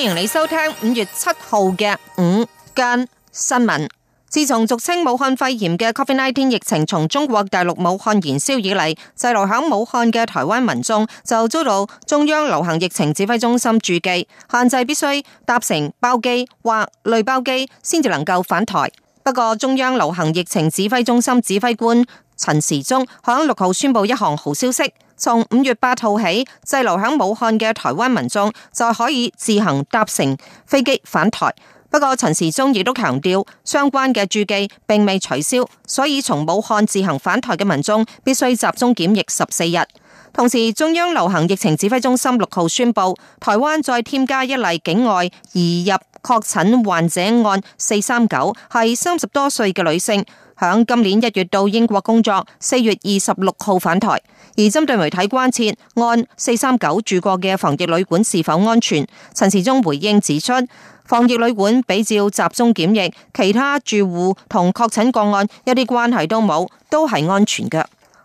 歡迎你收聽五月七號嘅午間新聞。自從俗稱武漢肺炎嘅 Covid-19 疫情從中國大陸武漢延燒以嚟，滯留喺武漢嘅台灣民眾就遭到中央流行疫情指揮中心注記限制，必須搭乘包機或類包機先至能夠返台。不過，中央流行疫情指揮中心指揮官陳時中響六號宣布一項好消息。從五月八號起，滯留喺武漢嘅台灣民眾就可以自行搭乘飛機返台。不過陳時中亦都強調，相關嘅注記並未取消，所以從武漢自行返台嘅民眾必須集中檢疫十四日。同時，中央流行疫情指揮中心六號宣布，台灣再添加一例境外移入確診患者案四三九，係三十多歲嘅女性，響今年一月到英國工作，四月二十六號返台。而針對媒體關切，案四三九住過嘅防疫旅館是否安全，陳時中回應指出，防疫旅館比照集中檢疫，其他住戶同確診個案一啲關係都冇，都係安全嘅。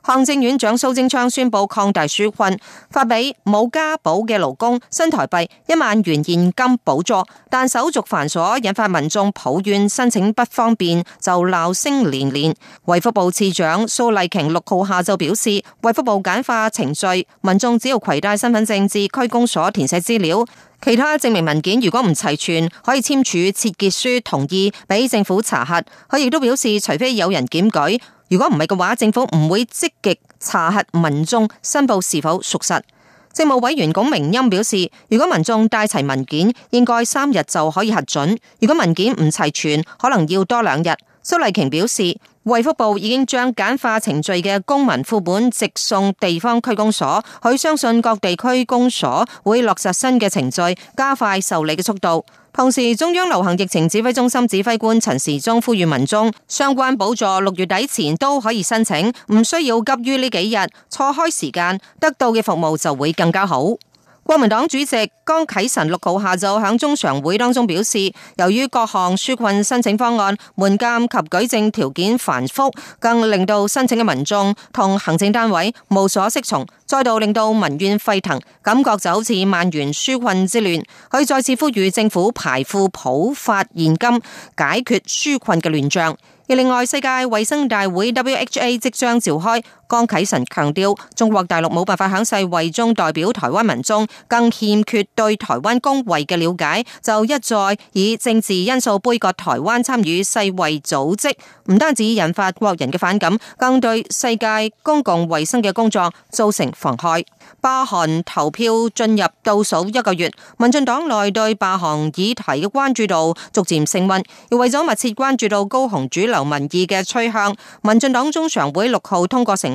行政院長蘇貞昌宣布擴大紓困，發俾冇加保嘅勞工新台幣一萬元現金補助，但手續繁瑣，引發民眾抱怨申請不方便就鬧聲連連。衛福部次長蘇麗瓊六號下晝表示，衛福部簡化程序，民眾只要攜帶身份證至區公所填寫資料，其他證明文件如果唔齊全，可以簽署切結書同意俾政府查核。佢亦都表示，除非有人檢舉。如果唔係嘅話，政府唔會積極查核民眾申報是否屬實。政務委員龔明鑫表示，如果民眾帶齊文件，應該三日就可以核准；如果文件唔齊全，可能要多兩日。蘇麗瓊表示，衛福部已經將簡化程序嘅公民副本直送地方區公所，佢相信各地區公所會落實新嘅程序，加快受理嘅速度。同時，中央流行疫情指揮中心指揮官陳時中呼籲民眾，相關補助六月底前都可以申請，唔需要急於呢幾日，錯開時間得到嘅服務就會更加好。國民黨主席江啟臣六號下晝喺中常會當中表示，由於各項紓困申請方案門檻及舉證條件繁複，更令到申請嘅民眾同行政單位無所適從，再度令到民怨沸騰，感覺就好似萬元紓困之亂。佢再次呼籲政府排庫普發現金，解決紓困嘅亂象。而另外，世界衛生大會 （WHA） 即將召開。江啟臣強調，中國大陸冇辦法響世衛中代表台灣民眾，更欠缺對台灣公衛嘅了解，就一再以政治因素杯葛台灣參與世衛組織，唔單止引發國人嘅反感，更對世界公共衛生嘅工作造成妨害。罷韓投票進入倒數一個月，民進黨內對罷韓議題嘅關注度逐漸升溫，而為咗密切關注到高雄主流民意嘅趨向，民進黨中常會六號通過成。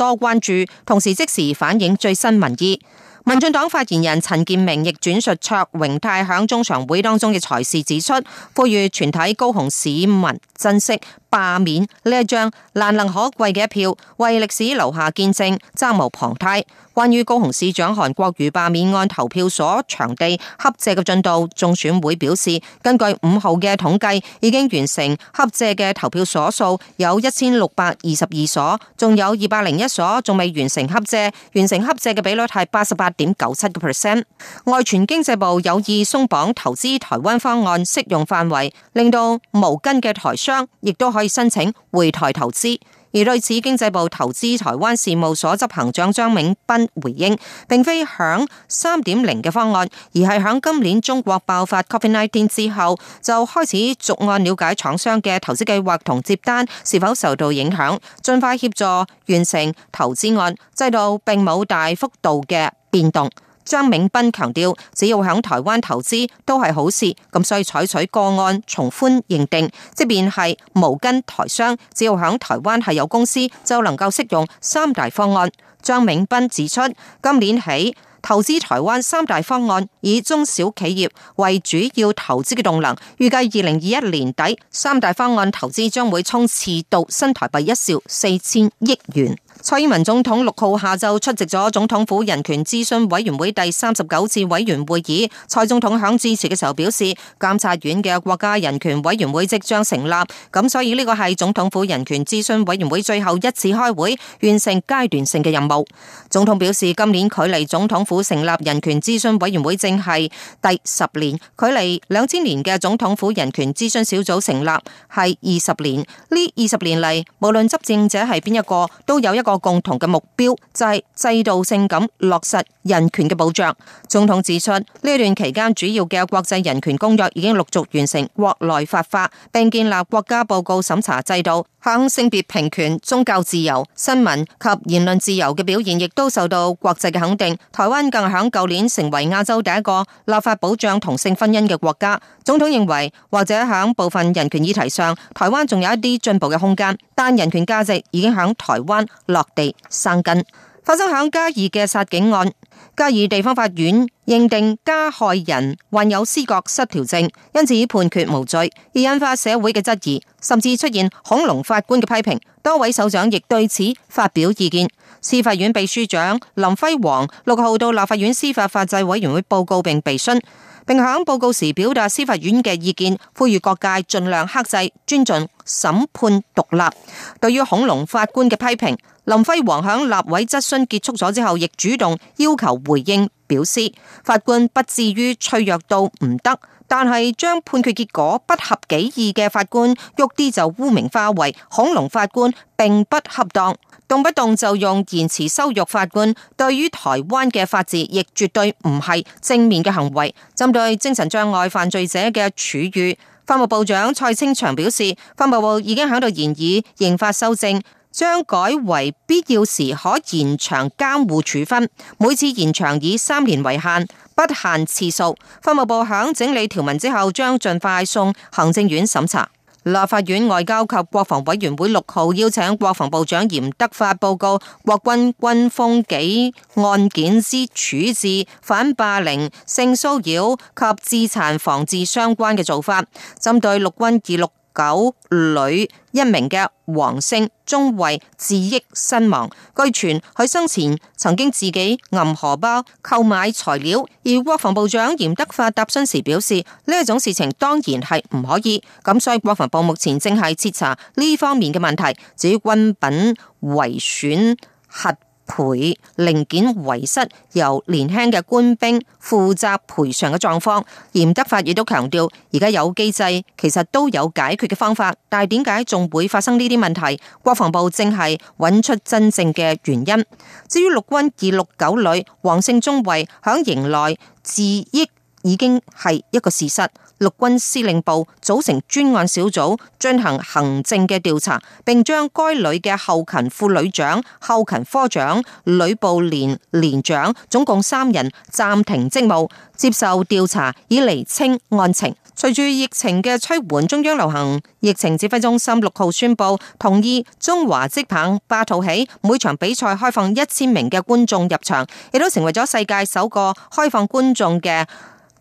多關注，同時即時反映最新民意。民進黨發言人陳建明亦轉述卓榮泰響中常會當中嘅財事指出，呼籲全體高雄市民珍惜罷免呢一張難能可貴嘅一票，為歷史留下見證，責無旁貸。關於高雄市長韓國瑜罷免案投票所場地洽借嘅進度，中選會表示，根據五號嘅統計，已經完成洽借嘅投票所數有一千六百二十二所，仲有二百零一所仲未完成洽借，完成洽借嘅比率係八十八點九七嘅 percent，外傳經濟部有意鬆綁投資台灣方案適用範圍，令到無根嘅台商亦都可以申請回台投資。而對此經濟部投資台灣事務所執行長張銘斌回應，並非響三點零嘅方案，而係響今年中國爆發 Covid nineteen 之後就開始逐案了解廠商嘅投資計劃同接單是否受到影響，盡快協助完成投資案。制度並冇大幅度嘅。變動，張永斌強調，只要響台灣投資都係好事，咁所以採取個案從寬認定，即便係無根台商，只要響台灣係有公司，就能夠適用三大方案。張永斌指出，今年起投資台灣三大方案以中小企業為主要投資嘅動能，預計二零二一年底三大方案投資將會沖刺到新台幣一兆四千億元。蔡英文總統六號下晝出席咗總統府人權諮詢委員會第三十九次委員會議，蔡總統響致辭嘅時候表示，監察院嘅國家人權委員會即將成立，咁所以呢個係總統府人權諮詢委員會最後一次開會，完成階段性嘅任務。總統表示，今年距離總統府成立人權諮詢委員會正係第十年，距離兩千年嘅總統府人權諮詢小組成立係二十年。呢二十年嚟，無論執政者係邊一個，都有一個個共同嘅目標就係、是、制度性咁落實，人權嘅保障，總統指出呢一段期間，主要嘅國際人權公約已經陸續完成國內法化，並建立國家報告審查制度。響性別平權、宗教自由、新聞及言論自由嘅表現，亦都受到國際嘅肯定。台灣更響舊年成為亞洲第一個立法保障同性婚姻嘅國家。總統認為，或者響部分人權議題上，台灣仲有一啲進步嘅空間，但人權價值已經響台灣落地生根。發生響嘉義嘅殺警案。嘉義地方法院認定加害人患有思覺失調症，因此判決無罪，而引發社會嘅質疑，甚至出現恐龍法官嘅批評。多位首長亦對此發表意見。司法院秘書長林輝煌六號到立法院司法法制委員會報告並備詢，並響報告時表達司法院嘅意見，呼籲各界盡量克制，尊重審判獨立。對於恐龍法官嘅批評。林輝煌響立委質詢結束咗之後，亦主動要求回應，表示法官不至於脆弱到唔得，但係將判決結果不合己意嘅法官，喐啲就污名化為恐龍法官，並不恰當，動不動就用言辭羞辱法官，對於台灣嘅法治亦絕對唔係正面嘅行為。針對精神障礙犯罪者嘅處遇，法務部長蔡清祥表示，法務部已經喺度研擬刑法修正。將改為必要時可延長監護處分，每次延長以三年為限，不限次數。法務部響整理條文之後，將盡快送行政院審查。立法院外交及國防委員會六號邀請國防部長嚴德發報告國軍軍風紀案件之處置、反霸凌、性騷擾及自殘防治相關嘅做法，針對陸軍二六。九旅一名嘅黃姓中尉自縊身亡。據傳佢生前曾經自己銀荷包購買材料，而國防部長嚴德發答詢時表示，呢一種事情當然係唔可以。咁所以國防部目前正係徹查呢方面嘅問題，至於軍品遺損核。賠零件遺失，由年輕嘅官兵負責賠償嘅狀況，嚴德發亦都強調而家有機制，其實都有解決嘅方法，但係點解仲會發生呢啲問題？國防部正係揾出真正嘅原因。至於陸軍二六九旅黃姓中尉響營內自縊已經係一個事實。陸軍司令部組成專案小組進行行政嘅調查，並將該旅嘅後勤副旅長、後勤科長、旅部連連長，總共三人暫停職務，接受調查以釐清案情。隨住疫情嘅趨緩，中央流行疫情指揮中心六號宣布同意中華職棒八日起每場比賽開放一千名嘅觀眾入場，亦都成為咗世界首個開放觀眾嘅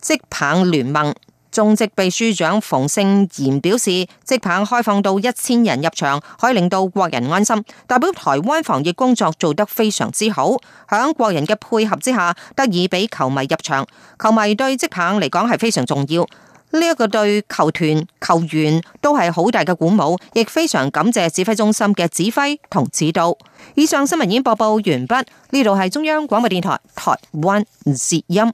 職棒聯盟。中職秘書長馮勝賢表示，職棒開放到一千人入場，可以令到國人安心，代表台灣防疫工作做得非常之好。響國人嘅配合之下，得以俾球迷入場。球迷對職棒嚟講係非常重要，呢一個對球團球員都係好大嘅鼓舞，亦非常感謝指揮中心嘅指揮同指導。以上新聞已經播報完畢，呢度係中央廣播電台台灣之音。